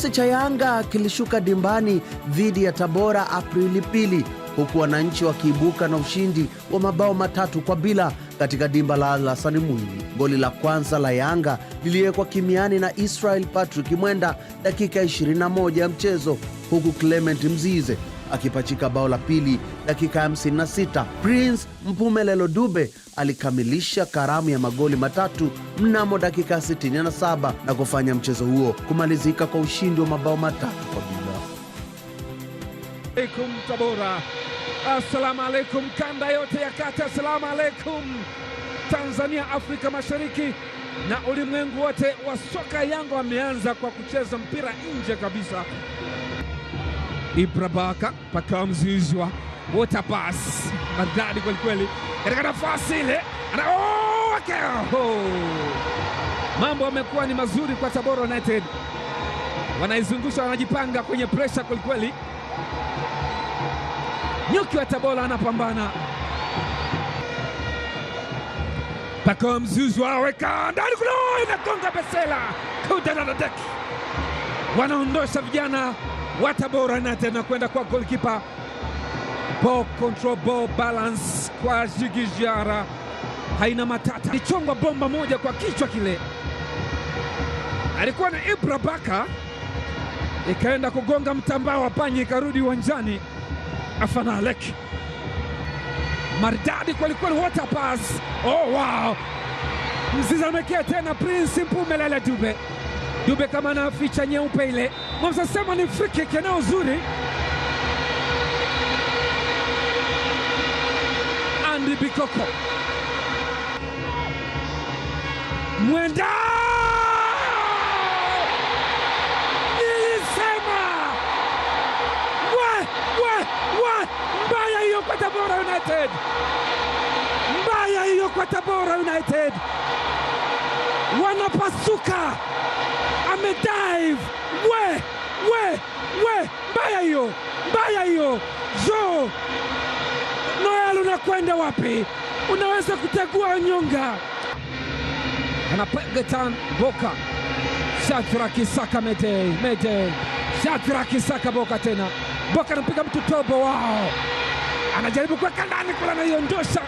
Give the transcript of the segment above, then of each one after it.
Kikosi cha Yanga kilishuka dimbani dhidi ya Tabora Aprili pili, huku wananchi wakiibuka na ushindi wa mabao matatu kwa bila katika dimba la Alasani Mwinyi. Goli la kwanza la Yanga liliwekwa kimiani na Israel Patrick Mwenda dakika 21 ya mchezo, huku Clement Mzize akipachika bao la pili dakika 56. Prince Mpumelelo Dube alikamilisha karamu ya magoli matatu mnamo dakika 67 na kufanya mchezo huo kumalizika kwa ushindi wa mabao matatu kwa bila. Alaikum Tabora, assalamu alaikum kanda yote ya kati, assalamu alaikum Tanzania, Afrika Mashariki na ulimwengu wote wa soka. Yango ameanza kwa kucheza mpira nje kabisa. Ibrabaka pakamzizwa water pass madhari kwelikweli, katika nafasi ile oh, oh. mambo yamekuwa ni mazuri kwa Tabora United, wanaizungusha wanajipanga kwenye presha kwelikweli. Nyuki wa Tabora anapambana, pakamzizwa aweka ndani, kuna oh, inagonga besela kudanadadeki, wanaondosha vijana Watabora United na kwenda kwa goalkeeper, ball control, ball balance kwa Jigijara, haina matata, alichongwa bomba moja kwa kichwa kile, alikuwa na Ibra Baka, ikaenda kugonga mtambao wa panya, ikarudi uwanjani. Alek maridadi kwelikweli, water pass. Oh, wow! Mzizamekea tena Prince Mpumelele Dube, Dube kama na ficha nyeupe ile sema ni free kick eneo uzuri Andy Bikoko mwenda nilisema we we we mbaya hiyo kwa Tabora United mbaya hiyo kwa Tabora United wanapasuka amedive we we we, mbaya hiyo, mbaya hiyo. Jo Noel, unakwenda wapi? Unaweza kutegua nyonga. Anapegetan Boka Shadraki kisaka Medei, Medei Shadraki kisaka Boka tena Boka anampiga mtu tobo, wao anajaribu kuweka ndani kula, anaiondosha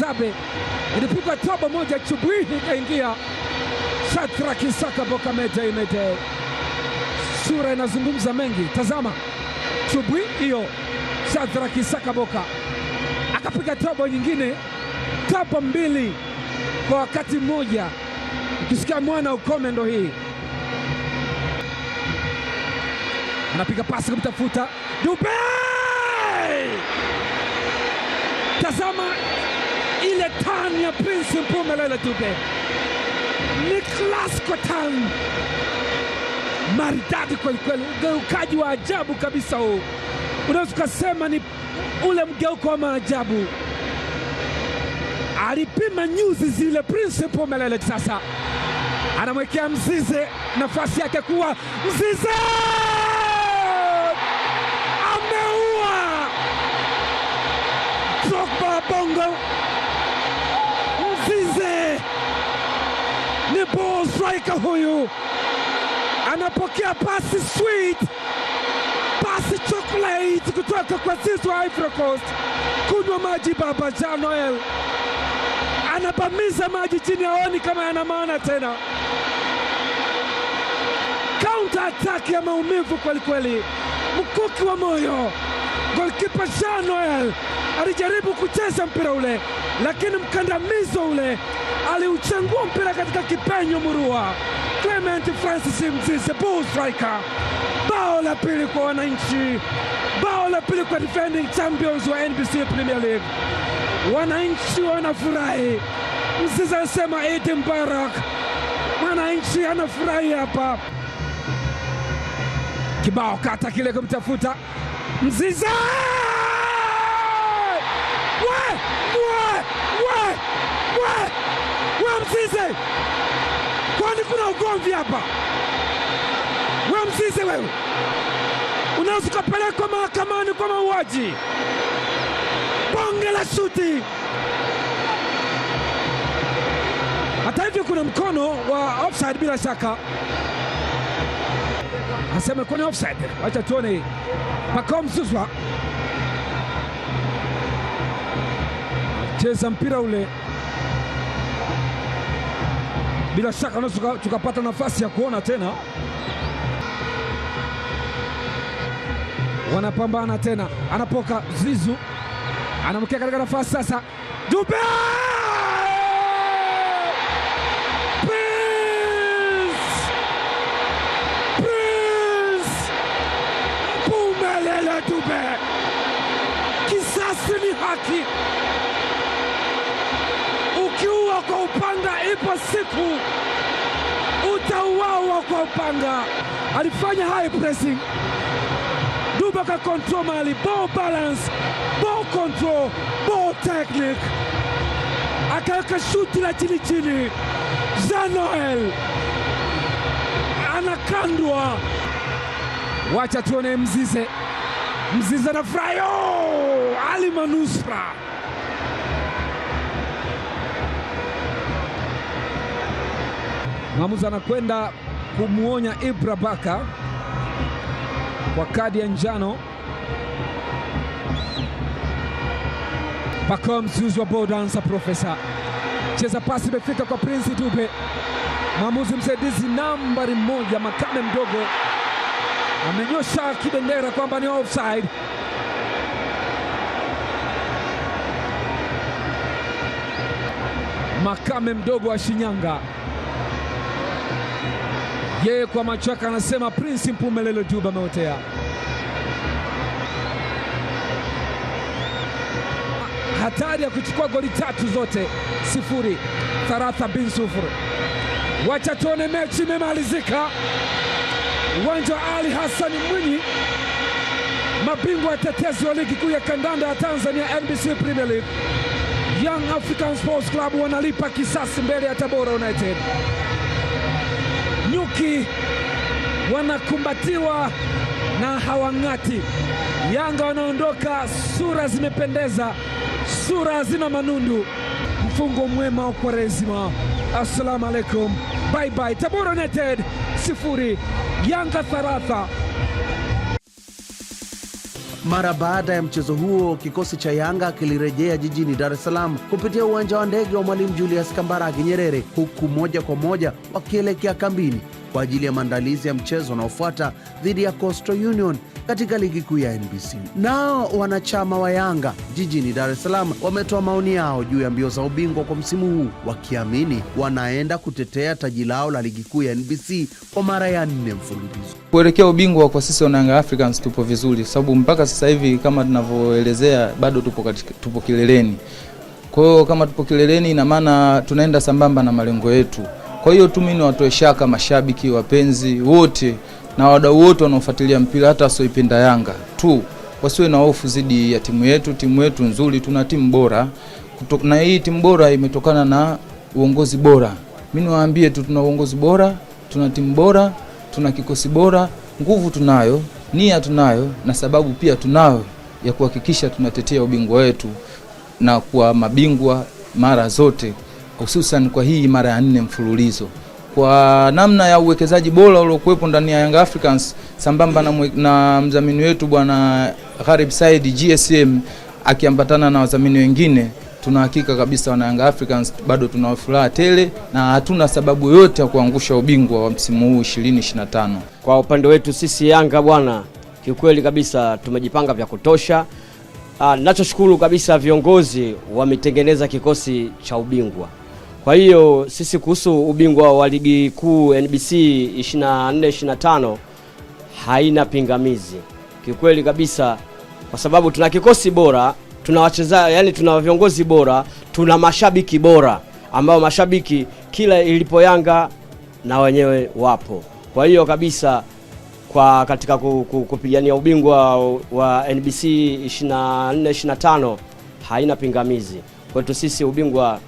zabe ilipigwa tobo moja, chubuhi ikaingia. Shadraki kisaka Boka Medei, Medei sura inazungumza mengi. Tazama chubwi hiyo, Shadraki Sakaboka akapiga tobo nyingine, tobo mbili kwa wakati mmoja. Ukisikia mwana ukome, ndo hii anapiga pasi kumtafuta Dube. Tazama ile tani ya Prince Mpumelele Dube, ni klasiko tani maridadi kweli, ugeukaji wa ajabu kabisa huu, unaweza ukasema ni ule mgeuko wa maajabu. Alipima nyuzi zile, Prinsipo Melele sasa anamwekea Mzize nafasi yake kuwa Mzize ameua Drogba Bongo. Mzize ni ball striker huyu anapokea pasi sweet, pasi chocolate kutoka kwa sisi wa Ivory Coast. Kunywa maji baba Jean Noel anabamiza maji chini, aoni kama yana maana tena. Counter attack ya maumivu kwelikweli, mkuki wa moyo. golikipa Jean Noel alijaribu kucheza mpira ule, lakini mkandamizo ule aliuchangua mpira katika kipenyo murua. Clement Francis Mzize, bull striker. Bao la pili kwa wananchi, bao la pili kwa defending champions wa NBC Premier League. Wananchi wanafurahi. Mzize anasema Eid Mubarak, mwananchi anafurahi hapa. Kibao kata kile kumtafuta Mzize we, we, we, we, we Mzize Kwani kuna ugomvi hapa? We Mzize wewe, unaweza ukapelekwa mahakamani kwa mauaji, bonge la suti. Hata hivyo kuna mkono wa offside bila shaka, asema kuna offside. Wacha tuone Pakao Mzuzwa cheza mpira ule bila shaka tunaweza tukapata nafasi ya kuona tena. Wanapambana tena, anapoka Zizu, anamkia katika nafasi sasa, Dube Bumelele Dube, kisasi ni haki kwa upanga, ipo siku utauawa kwa upanga. Alifanya high pressing, duba ka control mali, ball balance, ball control, ball technique, akaweka shuti la chini chini. Jean Noel anakandwa, wacha tuone Mzize. Mzize na frayo oh, Ali Manusra Mwamuzi anakwenda kumwonya Ibra Baka kwa kadi ya njano. Bako mzuzi wa Bodansa Profesa, cheza pasi imefika kwa Prince Dube. Mwamuzi msaidizi nambari moja Makame mdogo amenyosha kibendera kwamba ni offside. Makame mdogo wa Shinyanga yeye kwa macho yake anasema Prince Mpumelelo Juba ameotea. Hatari ya kuchukua goli tatu zote sifuri, tharatha bin sufuri. Wacha tuone mechi imemalizika. Uwanja wa Ali Hassan Mwinyi, mabingwa watetezi wa ligi kuu ya kandanda ya Tanzania NBC Premier League, Young African Sports Club wanalipa kisasi mbele ya Tabora United nyuki wanakumbatiwa na hawang'ati. Yanga wanaondoka, sura zimependeza, sura hazina manundu. Mfungo mwema wa Kwaresima. Assalamu alaikum, bye bye. Tabora United sifuri Yanga thalatha. Mara baada ya mchezo huo, kikosi cha Yanga kilirejea jijini Dar es Salaam kupitia uwanja wa ndege wa Mwalimu Julius Kambarage Nyerere, huku moja kwa moja wakielekea kambini kwa ajili ya maandalizi ya mchezo unaofuata dhidi ya Coastal Union katika ligi kuu ya NBC. Nao wanachama wa Yanga jijini Dar es Salaam wametoa maoni yao juu ya mbio za ubingwa kwa msimu huu, wakiamini wanaenda kutetea taji lao la ligi kuu ya NBC kwa mara ya nne mfululizo. Kuelekea ubingwa kwa sisi wana Yanga Africans tupo vizuri, sababu mpaka sasa hivi kama tunavyoelezea bado tupo, katika, tupo kileleni. Kwa hiyo kama tupo kileleni, ina maana tunaenda sambamba na malengo yetu. Kwa hiyo tu mimi niwatoe shaka mashabiki, wapenzi wote na wadau wote wanaofuatilia mpira hata wasioipenda Yanga tu wasiwe na hofu zidi ya timu yetu. Timu yetu nzuri, tuna timu bora Kutok, na hii timu bora imetokana na uongozi bora. Mimi niwaambie tu, tuna uongozi bora, tuna timu bora, tuna kikosi bora, nguvu tunayo, nia tunayo, na sababu pia tunayo ya kuhakikisha tunatetea ubingwa wetu na kuwa mabingwa mara zote hususan kwa hii mara ya nne mfululizo kwa namna ya uwekezaji bora uliokuwepo ndani ya Young Africans sambamba na, na mdhamini wetu bwana Gharib Said GSM akiambatana na wadhamini wengine, tuna hakika kabisa wana Young Africans bado tuna furaha tele na hatuna sababu yote ya kuangusha ubingwa wa msimu huu 2025. Kwa upande wetu sisi Yanga bwana, kiukweli kabisa tumejipanga vya kutosha. Ah, nachoshukuru kabisa viongozi wametengeneza kikosi cha ubingwa. Kwa hiyo sisi kuhusu ubingwa wa ligi kuu NBC 24 25 haina pingamizi kikweli kabisa, kwa sababu tuna kikosi bora, tuna wachezaji yani, tuna viongozi bora, tuna mashabiki bora, ambao mashabiki kila ilipo Yanga na wenyewe wapo. Kwa hiyo kabisa kwa katika kupigania ubingwa wa NBC 24 25 haina pingamizi kwetu sisi ubingwa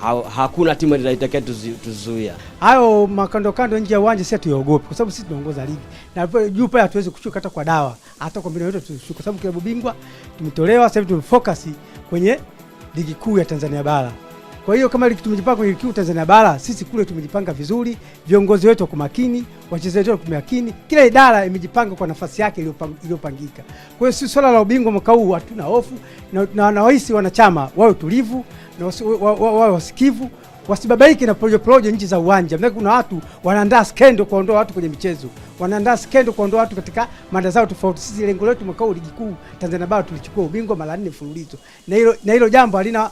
ha, hakuna timu itakia tuzuia hayo makandokando nje ya uwanja. Sisi hatuyaogopi kwa sababu sisi tunaongoza ligi na juu pale hatuwezi kushuka hata kwa dawa, hata kwa mbinu yote tushuka, kwa sababu klabu bingwa tumetolewa. Sasa hivi tumefocus kwenye ligi kuu ya Tanzania bara. Kwa hiyo kama tumejipanga kwenye ligi kuu Tanzania bara, sisi kule tumejipanga vizuri, viongozi wetu wako makini, wachezaji wetu wako makini, kila idara imejipanga kwa nafasi yake iliyopangika. Kwa hiyo si swala la ubingwa mwaka huu, hatuna hofu na nawahisi wanachama wawe tulivu na wawe wasikivu wa, wa, wa, wa, wasibabaike na proje proje nchi za uwanja. Maana kuna watu wanaandaa skendo kuondoa watu kwenye michezo, wanaandaa skendo kuondoa watu katika mada zao tofauti. Sisi lengo letu mwaka huu ligi kuu Tanzania bara tulichukua ubingwa mara nne mfululizo, na hilo na hilo jambo halina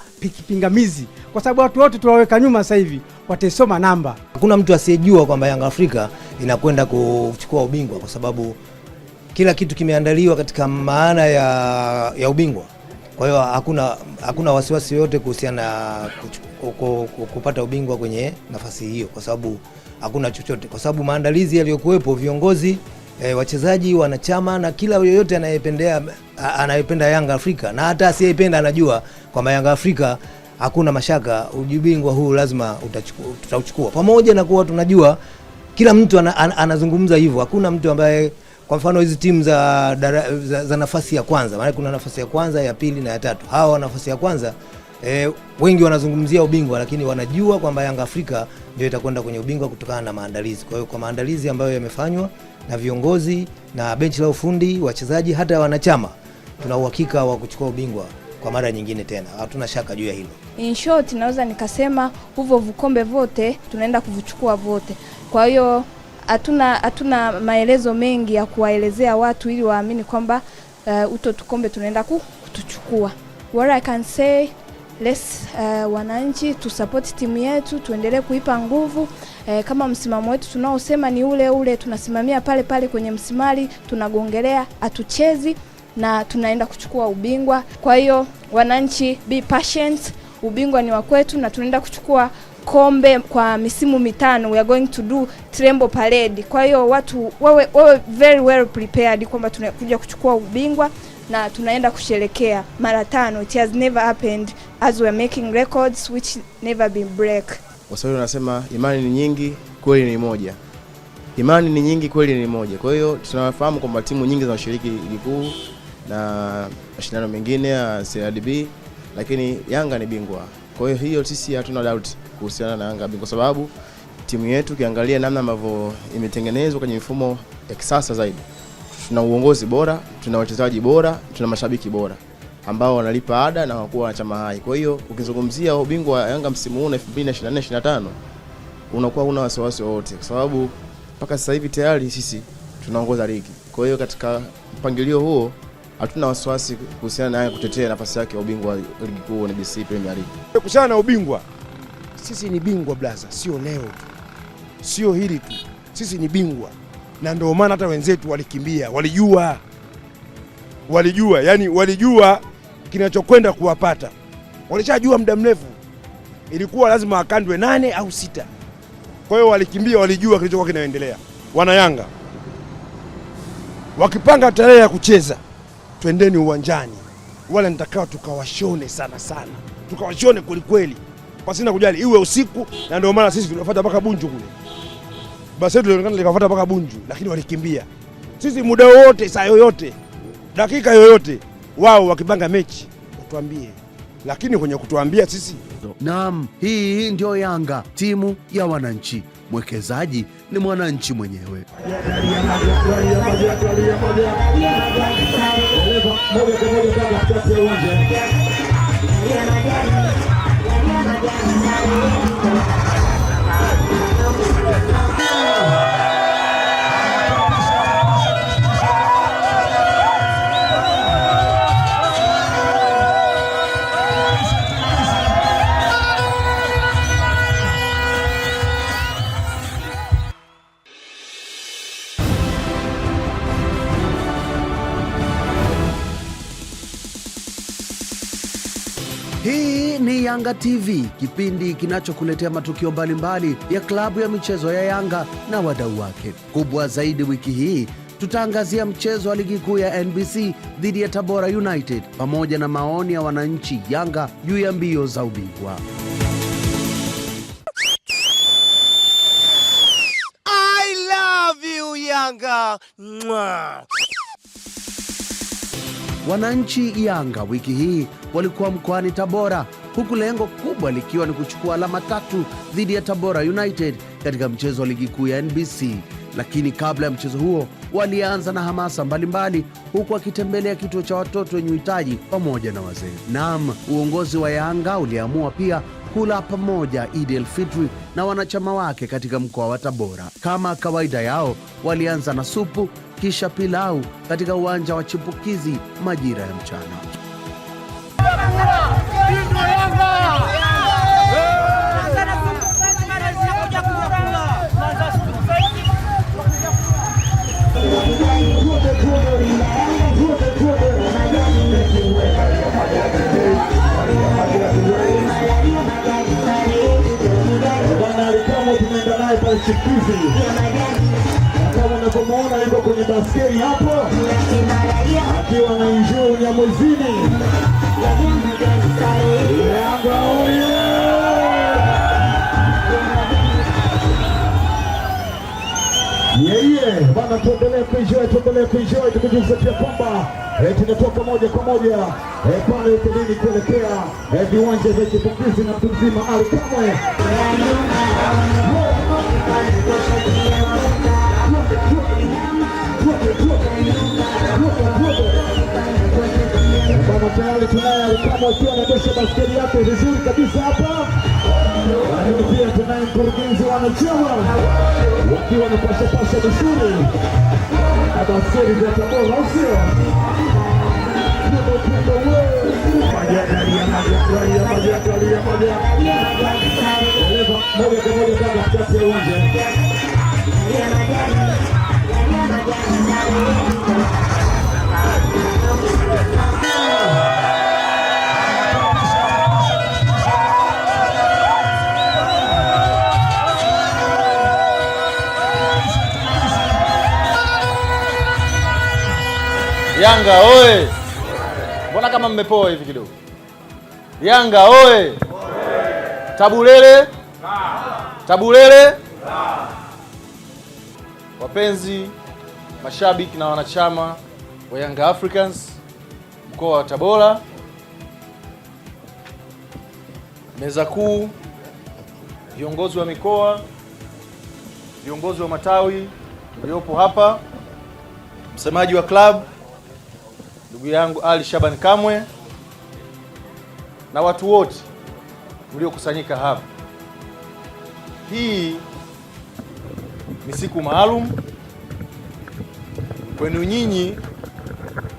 pingamizi, kwa sababu watu wote tunawaweka nyuma sasa hivi wataisoma namba. Hakuna mtu asiyejua kwamba Yanga Afrika inakwenda kuchukua ubingwa, kwa sababu kila kitu kimeandaliwa katika maana ya, ya ubingwa. Kwa hiyo hakuna hakuna wasiwasi yoyote kuhusiana na kupata ubingwa kwenye nafasi hiyo, kwa sababu hakuna chochote, kwa sababu maandalizi yaliyokuwepo, viongozi e, wachezaji, wanachama na kila yoyote anayependea anayependa Yanga Afrika na hata asiyependa anajua kwamba Yanga Afrika hakuna mashaka, ubingwa huu lazima tutauchukua, pamoja na kuwa tunajua kila mtu anazungumza hivyo, hakuna mtu ambaye kwa mfano hizi timu za, za, za nafasi ya kwanza, maana kuna nafasi ya kwanza, ya pili na ya tatu. Hawa wa nafasi ya kwanza e, wengi wanazungumzia ubingwa, lakini wanajua kwamba Yanga Afrika ndio itakwenda kwenye ubingwa kutokana na maandalizi. Kwa hiyo kwa maandalizi ambayo yamefanywa na viongozi na benchi la ufundi, wachezaji, hata wanachama, tuna uhakika wa kuchukua ubingwa kwa mara nyingine tena, hatuna shaka juu ya hilo. In short, naweza nikasema huvo vikombe vote tunaenda kuvichukua vote, kwa hiyo hatuna hatuna maelezo mengi ya kuwaelezea watu ili waamini kwamba uh, uto tukombe tunaenda kutuchukua. What I can say Let's, uh, wananchi tusapoti timu yetu, tuendelee kuipa nguvu eh, kama msimamo wetu tunaosema ni ule ule, tunasimamia pale pale kwenye msimari, tunagongelea, hatuchezi na tunaenda kuchukua ubingwa. Kwa hiyo wananchi, be patient, ubingwa ni wa kwetu na tunaenda kuchukua kombe kwa misimu mitano, we are going to do Trembo Parade. Kwa hiyo watu wawe, wawe very well prepared kwamba tunakuja kuchukua ubingwa na tunaenda kusherekea mara tano. It has never happened as we are making records which never been break. Waswahili wanasema imani ni nyingi, kweli ni moja. Imani ni nyingi, kweli ni moja. Kwa hiyo tunafahamu kwamba timu nyingi zinashiriki ligi na mashindano mengine ya CRDB, lakini Yanga ni bingwa. Kwa hiyo hiyo sisi hatuna doubt kuhusiana na Yanga kwa sababu timu yetu ukiangalia namna ambavyo imetengenezwa kwenye mifumo ya kisasa zaidi, tuna uongozi bora, tuna wachezaji bora, tuna mashabiki bora ambao wanalipa ada na wakuwa wanachama hai. Kwa hiyo ukizungumzia ubingwa wa Yanga msimu huu na 2024 25 unakuwa una wasiwasi wowote, kwa sababu mpaka sasa hivi tayari sisi tunaongoza ligi. Kwa hiyo katika mpangilio huo hatuna wasiwasi kuhusiana na Yanga kutetea nafasi yake ya ubingwa wa ligi kuu NBC Premier League. Kuhusiana na ubingwa sisi ni bingwa blaza, sio leo sio hili tu, sisi ni bingwa, na ndio maana hata wenzetu walikimbia, walijua, walijua yani, walijua kinachokwenda kuwapata, walishajua muda mrefu. Ilikuwa lazima wakandwe nane au sita, kwa hiyo walikimbia, walijua kilichokuwa kinaendelea. yanga wakipanga tarehe ya kucheza, twendeni uwanjani, wala nitakao tukawashone sana sana, tukawashone kwelikweli pasina kujali iwe usiku, na ndio maana sisi tunafuata mpaka Bunju kule. Basi tulionekana likafuata mpaka Bunju, lakini walikimbia. Sisi muda wowote, saa yoyote, dakika yoyote, wao wakipanga mechi watuambie, lakini kwenye kutuambia sisi. Naam, hii ndio Yanga, timu ya wananchi. Mwekezaji ni mwananchi mwenyewe. Thank you. Hii ni Yanga TV, kipindi kinachokuletea matukio mbalimbali ya klabu ya michezo ya Yanga na wadau wake. Kubwa zaidi wiki hii tutaangazia mchezo wa ligi kuu ya NBC dhidi ya Tabora United pamoja na maoni ya wananchi Yanga juu ya mbio za ubingwa. I love you Yanga. Mwah. Wananchi Yanga wiki hii walikuwa mkoani Tabora, huku lengo kubwa likiwa ni kuchukua alama tatu dhidi ya Tabora United katika mchezo wa ligi kuu ya NBC. Lakini kabla ya mchezo huo walianza na hamasa mbalimbali mbali, huku wakitembelea kituo cha watoto wenye uhitaji pamoja na wazee. Naam, uongozi wa Yanga uliamua pia kula pamoja Idi el Fitri na wanachama wake katika mkoa wa Tabora. Kama kawaida yao, walianza na supu kisha pilau katika uwanja wa chipukizi majira ya mchana. naye pale chipuzi, kama unavyomuona yuko kwenye baskeli hapo akiwa na njuu Mnyamwezini. Yanga oye! Yeye bana, tuendelee kuenjoy, tuendelee kuenjoy, tukujuze pia kwamba eh, tunatoka moja kwa moja eh, pale utelini kuelekea eh, viwanja vya chipukizi na mtu mzima Alikamwe. Vamos pele, pele, promozione, adesso mascheriate, risulta di sapa Arrivo via, tonight, Borghese, one chiller What you wanna passo passo di suri A basseri, detta, oh, l'ossio Never put away Magia, magia, magia, magia, magia, magia, magia moja kwa moja katikati ya uwanja Yanga oye! Mbona kama mmepoa hivi kidogo? Yanga oye! Tabulele Tabulele la. Wapenzi mashabiki na wanachama wa Young Africans mkoa wa Tabora, meza kuu, viongozi wa mikoa, viongozi wa matawi mliopo hapa, msemaji wa klabu ndugu yangu Ali Shaban Kamwe na watu wote mliokusanyika hapa hii ni siku maalum kwenu nyinyi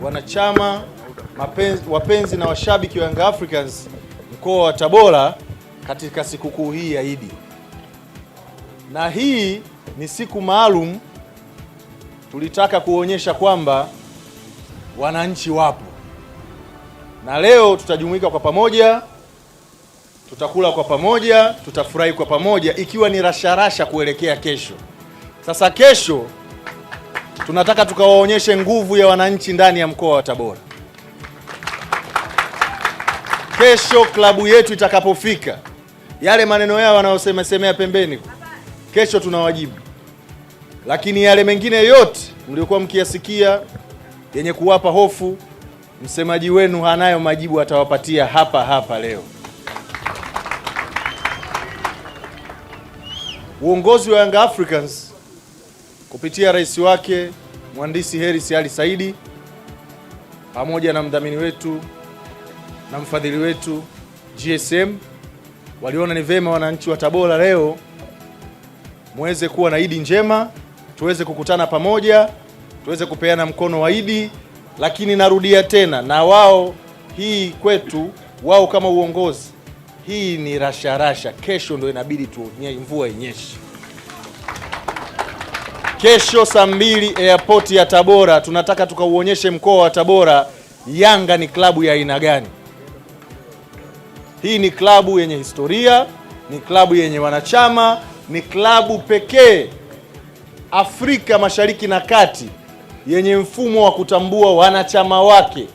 wanachama mapenzi, wapenzi na washabiki wa Young Africans mkoa wa Tabora katika sikukuu hii ya Idi, na hii ni siku maalum tulitaka kuonyesha kwamba wananchi wapo, na leo tutajumuika kwa pamoja tutakula kwa pamoja, tutafurahi kwa pamoja, ikiwa ni rasharasha kuelekea kesho. Sasa kesho tunataka tukawaonyeshe nguvu ya wananchi ndani ya mkoa wa Tabora. Kesho klabu yetu itakapofika, yale maneno yao wanayosemesemea pembeni, kesho tunawajibu. Lakini yale mengine yote mliokuwa mkiyasikia yenye kuwapa hofu, msemaji wenu hanayo majibu, atawapatia hapa hapa leo. Uongozi wa Young Africans kupitia rais wake mhandisi Hersi Ali Saidi pamoja na mdhamini wetu na mfadhili wetu GSM waliona ni vema wananchi wa Tabora leo muweze kuwa na Idi njema, tuweze kukutana pamoja, tuweze kupeana mkono wa Idi. Lakini narudia tena, na wao hii kwetu, wao kama uongozi hii ni rasha rasha. Kesho ndo inabidi tu mvua inyeshe. Kesho saa mbili airport ya Tabora, tunataka tukauonyeshe mkoa wa Tabora Yanga ni klabu ya aina gani. Hii ni klabu yenye historia, ni klabu yenye wanachama, ni klabu pekee Afrika Mashariki na Kati yenye mfumo wa kutambua wanachama wake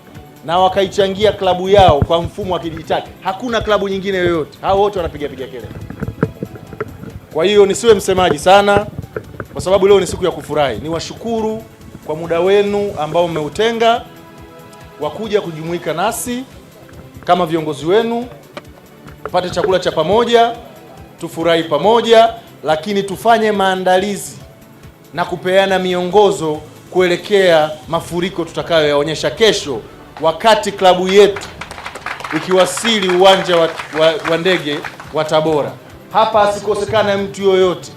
na wakaichangia klabu yao kwa mfumo wa kidijitali. Hakuna klabu nyingine yoyote, hao wote wanapiga piga kelele. Kwa hiyo nisiwe msemaji sana, kwa sababu leo ni siku ya kufurahi. Niwashukuru kwa muda wenu ambao mmeutenga wa kuja kujumuika nasi kama viongozi wenu, tupate chakula cha pamoja, tufurahi pamoja, lakini tufanye maandalizi na kupeana miongozo kuelekea mafuriko tutakayoyaonyesha kesho wakati klabu yetu ikiwasili uwanja wa, wa, wa ndege wa Tabora. Hapa asikosekana mtu yoyote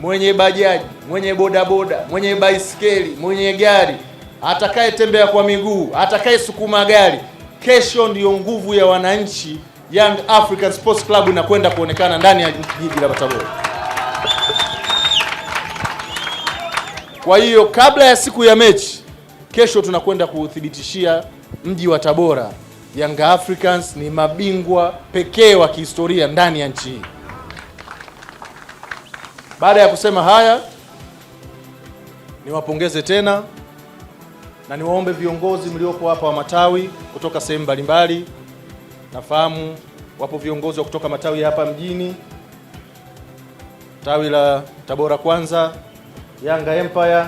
mwenye bajaji, mwenye bodaboda, mwenye baisikeli, mwenye gari, atakayetembea kwa miguu, atakayesukuma gari. Kesho ndiyo nguvu ya wananchi. Young African Sports Club inakwenda kuonekana ndani ya jiji la Tabora. Kwa hiyo kabla ya siku ya mechi kesho, tunakwenda kuthibitishia mji wa Tabora, Yanga Africans ni mabingwa pekee wa kihistoria ndani ya nchi hii. Baada ya kusema haya, niwapongeze tena na niwaombe viongozi mliopo hapa wa matawi kutoka sehemu mbalimbali. Nafahamu wapo viongozi wa kutoka matawi hapa mjini, tawi la Tabora Kwanza, Yanga Empire,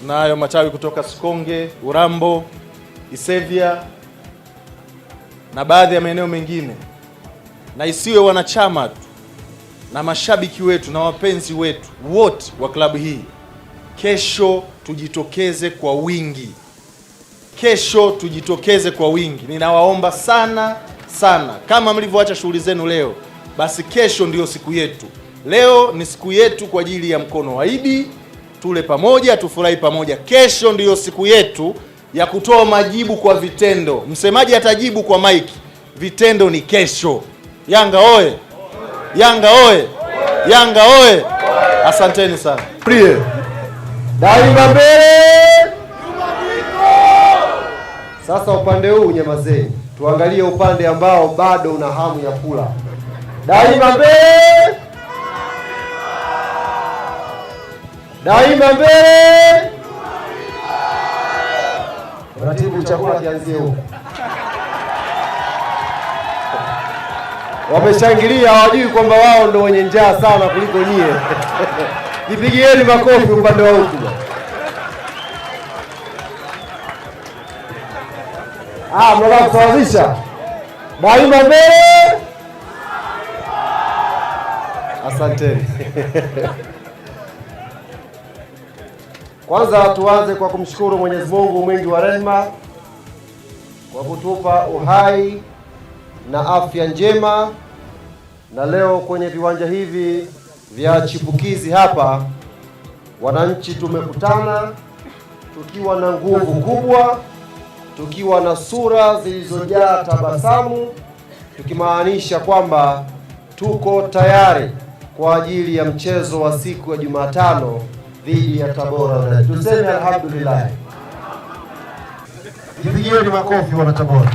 tunayo matawi kutoka Sikonge, Urambo Isevya na baadhi ya maeneo mengine, na isiwe wanachama tu na mashabiki wetu na wapenzi wetu wote wa klabu hii, kesho tujitokeze kwa wingi, kesho tujitokeze kwa wingi. Ninawaomba sana sana, kama mlivyoacha shughuli zenu leo, basi kesho ndiyo siku yetu. Leo ni siku yetu kwa ajili ya mkono wa Idi, tule pamoja, tufurahi pamoja. Kesho ndiyo siku yetu ya kutoa majibu kwa vitendo. Msemaji atajibu kwa mike, vitendo ni kesho. Yanga oye! Yanga oye! Yanga oye! Asanteni sana. Daima mbele. Sasa upande huu nyamazeni, tuangalie upande ambao bado una hamu ya kula. Daima mbele. Daima mbele huku, chakula kianzie huku. Wameshangilia, hawajui kwamba wao ndo wenye njaa sana kuliko nyie. Jipigieni makofi upande wa huku. Ah, mnataka kusawazisha daima mbele. Asanteni. Kwanza tuanze kwa kumshukuru Mwenyezi Mungu mwingi wa rehema kwa kutupa uhai na afya njema, na leo kwenye viwanja hivi vya chipukizi hapa, wananchi tumekutana tukiwa na nguvu kubwa, tukiwa na sura zilizojaa tabasamu, tukimaanisha kwamba tuko tayari kwa ajili ya mchezo wa siku ya Jumatano dhidi ya Tabora. Tuseme alhamdulillah. Jipigieni makofi wanatabora.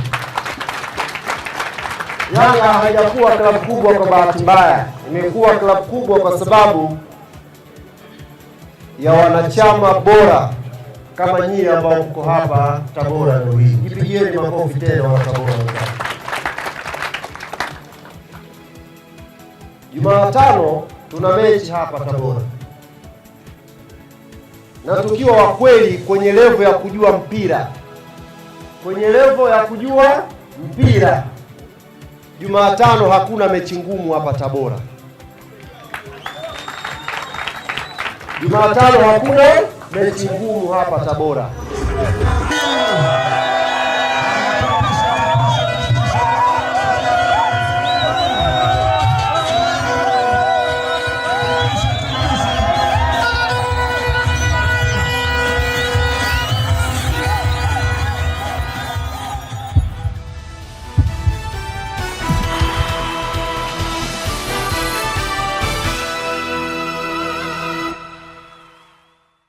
Yanga haijakuwa klabu kubwa kwa bahati mbaya, imekuwa klabu kubwa kwa sababu ya wanachama bora kama nyinyi ambao mko hapa Tabora leo hii. Jipigieni makofi tena wanatabora. Jumatano tuna mechi hapa Tabora, na tukiwa wa kweli kwenye levo ya kujua mpira kwenye levo ya kujua mpira. Jumatano hakuna mechi ngumu hapa Tabora. Jumatano hakuna mechi ngumu hapa Tabora.